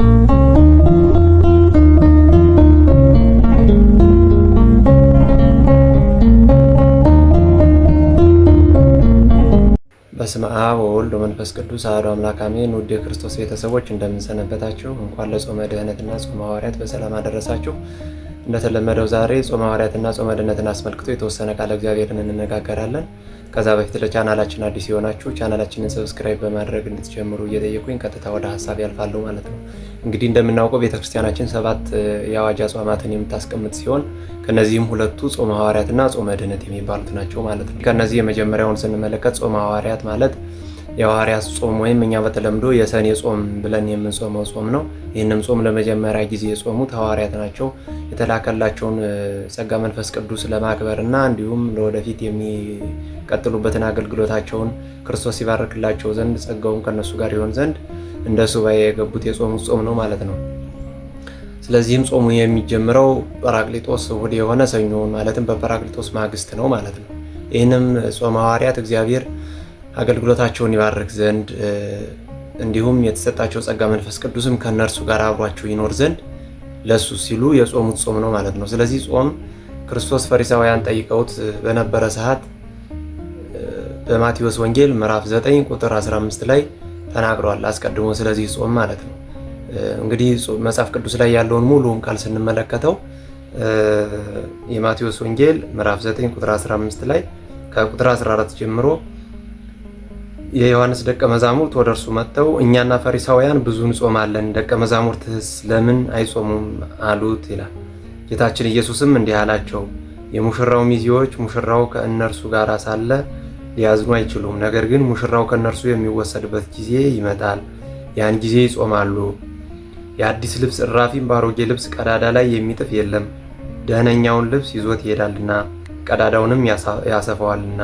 በስመ አብ ወወልድ ወመንፈስ ቅዱስ አሐዱ አምላክ አሜን። ውድ የክርስቶስ ቤተሰቦች እንደምንሰነበታችሁ፣ እንኳን ለጾመ ድኅነትና ጾመ ሐዋርያት በሰላም አደረሳችሁ። እንደተለመደው ዛሬ ጾመ ሐዋርያትና ጾመ ድኅነትን አስመልክቶ የተወሰነ ቃለ እግዚአብሔርን እንነጋገራለን። ከዛ በፊት ለቻናላችን አዲስ የሆናችሁ ቻናላችንን ሰብስክራይብ በማድረግ እንድትጀምሩ እየጠየቁኝ ቀጥታ ወደ ሀሳብ ያልፋለሁ ማለት ነው። እንግዲህ እንደምናውቀው ቤተክርስቲያናችን ሰባት የአዋጅ አጽዋማትን የምታስቀምጥ ሲሆን ከነዚህም ሁለቱ ጾመ ሐዋርያትና ጾመ ድኅነት የሚባሉት ናቸው ማለት ነው። ከነዚህ የመጀመሪያውን ስንመለከት ጾመ ሐዋርያት ማለት የሐዋርያት ጾም ወይም እኛ በተለምዶ የሰኔ ጾም ብለን የምንጾመው ጾም ነው። ይህንም ጾም ለመጀመሪያ ጊዜ የጾሙት ሐዋርያት ናቸው። የተላከላቸውን ጸጋ መንፈስ ቅዱስ ለማክበር እና እንዲሁም ለወደፊት የሚቀጥሉበትን አገልግሎታቸውን ክርስቶስ ይባርክላቸው ዘንድ ጸጋውን ከነሱ ጋር ይሆን ዘንድ እንደ ሱባኤ የገቡት የጾሙት ጾም ነው ማለት ነው። ስለዚህም ጾሙ የሚጀምረው ጰራቅሊጦስ እሁድ የሆነ ሰኞውን ማለትም በጰራቅሊጦስ ማግስት ነው ማለት ነው። ይህንም ጾመ ሐዋርያት እግዚአብሔር አገልግሎታቸውን ይባርክ ዘንድ እንዲሁም የተሰጣቸው ጸጋ መንፈስ ቅዱስም ከእነርሱ ጋር አብሯቸው ይኖር ዘንድ ለሱ ሲሉ የጾሙት ጾም ነው ማለት ነው። ስለዚህ ጾም ክርስቶስ ፈሪሳውያን ጠይቀውት በነበረ ሰዓት በማቴዎስ ወንጌል ምዕራፍ 9 ቁጥር 15 ላይ ተናግረዋል አስቀድሞ ስለዚህ ጾም ማለት ነው። እንግዲህ መጽሐፍ ቅዱስ ላይ ያለውን ሙሉውን ቃል ስንመለከተው የማቴዎስ ወንጌል ምዕራፍ 9 ቁጥር 15 ላይ ከቁጥር 14 ጀምሮ የዮሐንስ ደቀ መዛሙርት ወደ እርሱ መጥተው እኛና ፈሪሳውያን ብዙ እንጾማለን፣ ደቀ መዛሙርትስ ለምን አይጾሙም አሉት ይላል። ጌታችን ኢየሱስም እንዲህ አላቸው፣ የሙሽራው ሚዜዎች ሙሽራው ከእነርሱ ጋር ሳለ ሊያዝኑ አይችሉም። ነገር ግን ሙሽራው ከእነርሱ የሚወሰድበት ጊዜ ይመጣል፣ ያን ጊዜ ይጾማሉ። የአዲስ ልብስ እራፊም በአሮጌ ልብስ ቀዳዳ ላይ የሚጥፍ የለም፣ ደህነኛውን ልብስ ይዞት ይሄዳልና ቀዳዳውንም ያሰፋዋልና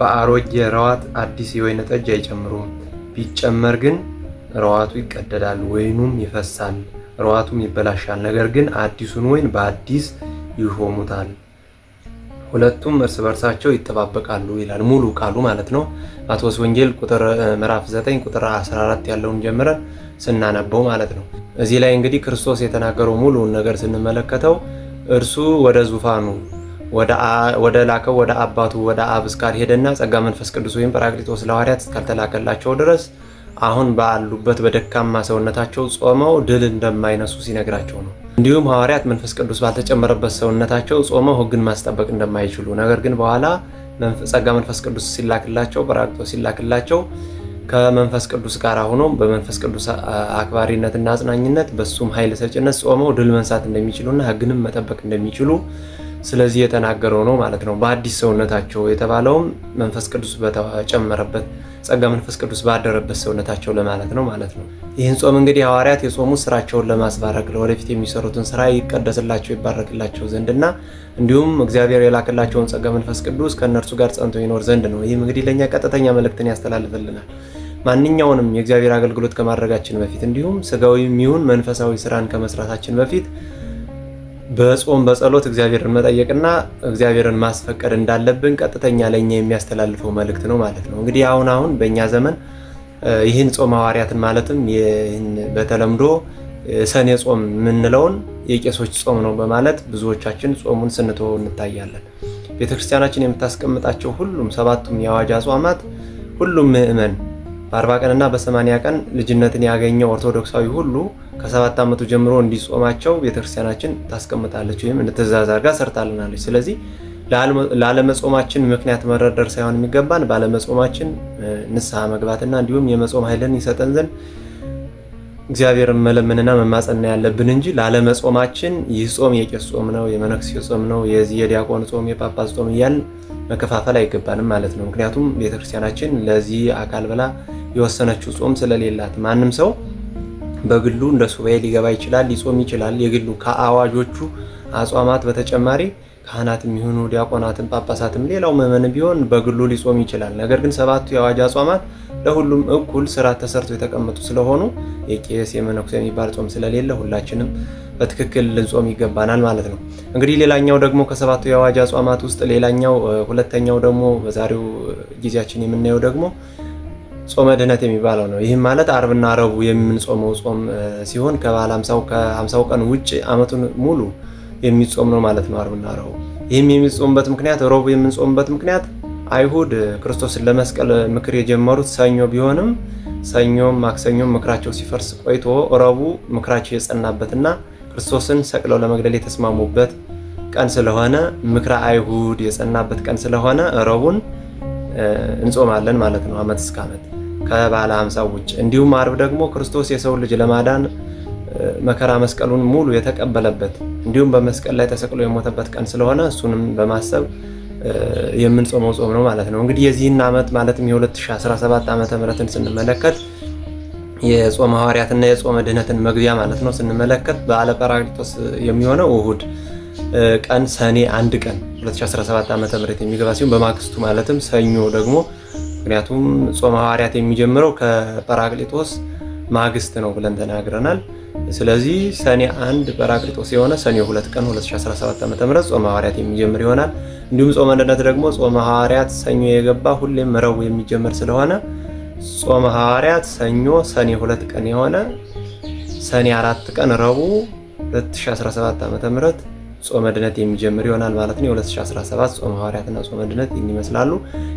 በአሮጌ ረዋት አዲስ የወይን ጠጅ አይጨምሩም። ቢጨመር ግን ረዋቱ ይቀደዳል፣ ወይኑም ይፈሳል፣ ረዋቱም ይበላሻል። ነገር ግን አዲሱን ወይን በአዲስ ይሾሙታል፣ ሁለቱም እርስ በርሳቸው ይጠባበቃሉ ይላል ሙሉ ቃሉ ማለት ነው። ማቴዎስ ወንጌል ቁጥር ምዕራፍ 9 ቁጥር 14 ያለውን ጀምረን ስናነበው ማለት ነው። እዚህ ላይ እንግዲህ ክርስቶስ የተናገረው ሙሉውን ነገር ስንመለከተው እርሱ ወደ ዙፋኑ ወደ ላከው ወደ አባቱ ወደ አብ እስካልሄደና ጸጋ መንፈስ ቅዱስ ወይም ጰራቅሊጦስ ለሐዋርያት እስካልተላከላቸው ድረስ አሁን ባሉበት በደካማ ሰውነታቸው ጾመው ድል እንደማይነሱ ሲነግራቸው ነው። እንዲሁም ሐዋርያት መንፈስ ቅዱስ ባልተጨመረበት ሰውነታቸው ጾመው ሕግን ማስጠበቅ እንደማይችሉ ነገር ግን በኋላ ጸጋ መንፈስ ቅዱስ ሲላክላቸው ጰራቅሊጦስ ሲላክላቸው ከመንፈስ ቅዱስ ጋር ሆኖ በመንፈስ ቅዱስ አክባሪነትና አጽናኝነት በሱም ኃይል ሰጭነት ጾመው ድል መንሳት እንደሚችሉና ሕግንም መጠበቅ እንደሚችሉ ስለዚህ የተናገረው ነው ማለት ነው። በአዲስ ሰውነታቸው የተባለውም መንፈስ ቅዱስ በተጨመረበት ጸጋ መንፈስ ቅዱስ ባደረበት ሰውነታቸው ለማለት ነው ማለት ነው። ይህን ጾም እንግዲህ ሐዋርያት የጾሙት ስራቸውን ለማስባረክ ለወደፊት የሚሰሩትን ስራ ይቀደስላቸው ይባረክላቸው ዘንድና እንዲሁም እግዚአብሔር የላክላቸውን ጸጋ መንፈስ ቅዱስ ከእነርሱ ጋር ጸንቶ ይኖር ዘንድ ነው። ይህም እንግዲህ ለእኛ ቀጥተኛ መልእክትን ያስተላልፍልናል። ማንኛውንም የእግዚአብሔር አገልግሎት ከማድረጋችን በፊት እንዲሁም ስጋዊ ይሁን መንፈሳዊ ስራን ከመስራታችን በፊት በጾም በጸሎት እግዚአብሔርን መጠየቅና እግዚአብሔርን ማስፈቀድ እንዳለብን ቀጥተኛ ለእኛ የሚያስተላልፈው መልእክት ነው ማለት ነው። እንግዲህ አሁን አሁን በእኛ ዘመን ይህን ጾም ሐዋርያትን ማለትም በተለምዶ ሰኔ ጾም የምንለውን የቄሶች ጾም ነው በማለት ብዙዎቻችን ጾሙን ስንቶ እንታያለን። ቤተክርስቲያናችን የምታስቀምጣቸው ሁሉም ሰባቱም የአዋጅ አጽዋማት ሁሉም ምእመን በአርባ ቀንና በሰማንያ ቀን ልጅነትን ያገኘው ኦርቶዶክሳዊ ሁሉ ከሰባት ዓመቱ ጀምሮ እንዲጾማቸው ቤተክርስቲያናችን ታስቀምጣለች ወይም እንድትዛዝ አድርጋ ሰርታልናለች። ስለዚህ ላለመጾማችን ምክንያት መረደር ሳይሆን የሚገባን ባለመጾማችን ንስሐ መግባትና እንዲሁም የመጾም ኃይልን ይሰጠን ዘንድ እግዚአብሔርን መለመንና መማጸን ያለብን እንጂ ላለመጾማችን ይህ ጾም የቄስ ጾም ነው፣ የመነኩሴ ጾም ነው፣ የዚህ የዲያቆን ጾም፣ የጳጳስ ጾም እያል መከፋፈል አይገባንም ማለት ነው። ምክንያቱም ቤተክርስቲያናችን ለዚህ አካል ብላ የወሰነችው ጾም ስለሌላት ማንም ሰው በግሉ እንደ ሱባኤ ሊገባ ይችላል፣ ሊጾም ይችላል። የግሉ ከአዋጆቹ አጽዋማት በተጨማሪ ካህናት የሚሆኑ ዲያቆናትን፣ ጳጳሳትም ሌላው ምዕመን ቢሆን በግሉ ሊጾም ይችላል። ነገር ግን ሰባቱ የአዋጅ አጽዋማት ለሁሉም እኩል ስርዓት ተሰርቶ የተቀመጡ ስለሆኑ የቄስ የመነኩሴ የሚባል ጾም ስለሌለ ሁላችንም በትክክል ልንጾም ይገባናል ማለት ነው። እንግዲህ ሌላኛው ደግሞ ከሰባቱ የአዋጅ አጽዋማት ውስጥ ሌላኛው ሁለተኛው ደግሞ በዛሬው ጊዜያችን የምናየው ደግሞ ጾመ ድህነት የሚባለው ነው። ይህም ማለት አርብና ረቡ የምንጾመው ጾም ሲሆን ከበዓል ከሀምሳው ቀን ውጭ አመቱን ሙሉ የሚጾም ነው ማለት ነው አርብና ረቡ። ይህም የሚጾምበት ምክንያት ረቡ የምንጾምበት ምክንያት አይሁድ ክርስቶስን ለመስቀል ምክር የጀመሩት ሰኞ ቢሆንም ሰኞም ማክሰኞም ምክራቸው ሲፈርስ ቆይቶ ረቡ ምክራቸው የጸናበትና ክርስቶስን ሰቅለው ለመግደል የተስማሙበት ቀን ስለሆነ ምክረ አይሁድ የጸናበት ቀን ስለሆነ ረቡን እንጾማለን ማለት ነው አመት እስከ ዓመት። ከባለ ሐምሳው ውጭ። እንዲሁም አርብ ደግሞ ክርስቶስ የሰው ልጅ ለማዳን መከራ መስቀሉን ሙሉ የተቀበለበት እንዲሁም በመስቀል ላይ ተሰቅሎ የሞተበት ቀን ስለሆነ እሱንም በማሰብ የምንጾመው ጾም ነው ማለት ነው። እንግዲህ የዚህን ዓመት ማለትም የ2017 ዓመተ ምህረትን ስንመለከት የጾመ ሐዋርያትና የጾመ ድህነትን መግቢያ ማለት ነው ስንመለከት በዓለ ጰራቅሊጦስ የሚሆነው እሁድ ቀን ሰኔ አንድ ቀን 2017 ዓ.ም የሚገባ ሲሆን በማግስቱ ማለትም ሰኞ ደግሞ ምክንያቱም ጾመ ሐዋርያት የሚጀምረው ከጰራቅሊጦስ ማግስት ነው ብለን ተናግረናል። ስለዚህ ሰኔ አንድ ጰራቅሊጦስ የሆነ ሰኔ ሁለት ቀን 2017 ዓ.ም ጾመ ሐዋርያት የሚጀምር ይሆናል። እንዲሁም ጾመ አንድነት ደግሞ ጾመ ሐዋርያት ሰኞ የገባ ሁሌም ረቡዕ የሚጀምር ስለሆነ ጾመ ሐዋርያት ሰኞ ሰኔ ሁለት ቀን የሆነ ሰኔ አራት ቀን ረቡዕ 2017 ዓ.ም ጾመ ድነት የሚጀምር ይሆናል ማለት ነው። የ2017 ጾመ ሐዋርያትና ጾመ ድነት ይህን ይመስላሉ።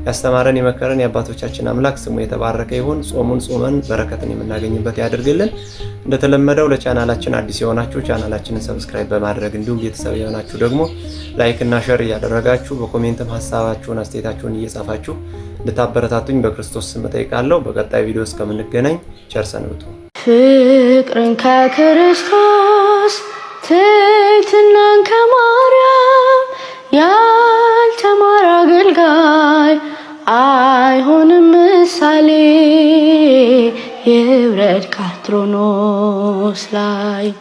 ያስተማረን የመከረን የአባቶቻችን አምላክ ስሙ የተባረከ ይሁን። ጾሙን ጾመን በረከትን የምናገኝበት ያደርግልን። እንደተለመደው ለቻናላችን አዲስ የሆናችሁ ቻናላችንን ሰብስክራይብ በማድረግ እንዲሁም ቤተሰብ የሆናችሁ ደግሞ ላይክ እና ሸር እያደረጋችሁ በኮሜንትም ሀሳባችሁን አስተያየታችሁን እየጻፋችሁ እንድታበረታቱኝ በክርስቶስ ስም እጠይቃለሁ። በቀጣይ ቪዲዮ እስከምንገናኝ ቸር ሰንብቱ። ፍቅርን ከክርስቶስ ትሕትናን প্রণশ্লায়